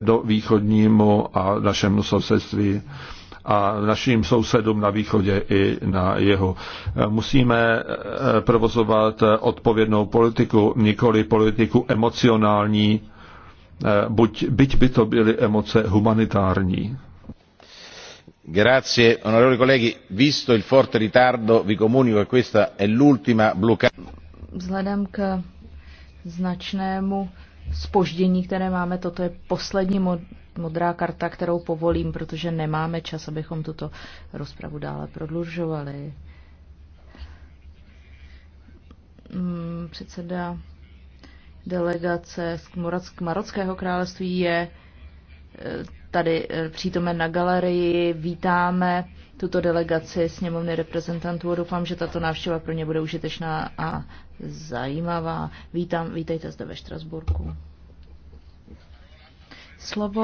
do východnímu a našemu sousedství a našim sousedům na východě i na jihu. Musíme eh, provozovat eh, odpovědnou politiku, nikoli politiku emocionální, eh, buď, byť by to byly emoce humanitární. Grazie, onorevoli colleghi. Visto il forte ritardo, vi comunico che questa è l'ultima blocca. Vzhledem k značnému spoždění, které máme. Toto je poslední modrá karta, kterou povolím, protože nemáme čas, abychom tuto rozpravu dále prodlužovali. Mm, předseda delegace z Marockého království je e, tady e, přítomen na galerii. Vítáme tuto delegaci sněmovny reprezentantů. Doufám, že tato návštěva pro ně bude užitečná a zajímavá. Vítám, vítejte zde ve Štrasburku slovo.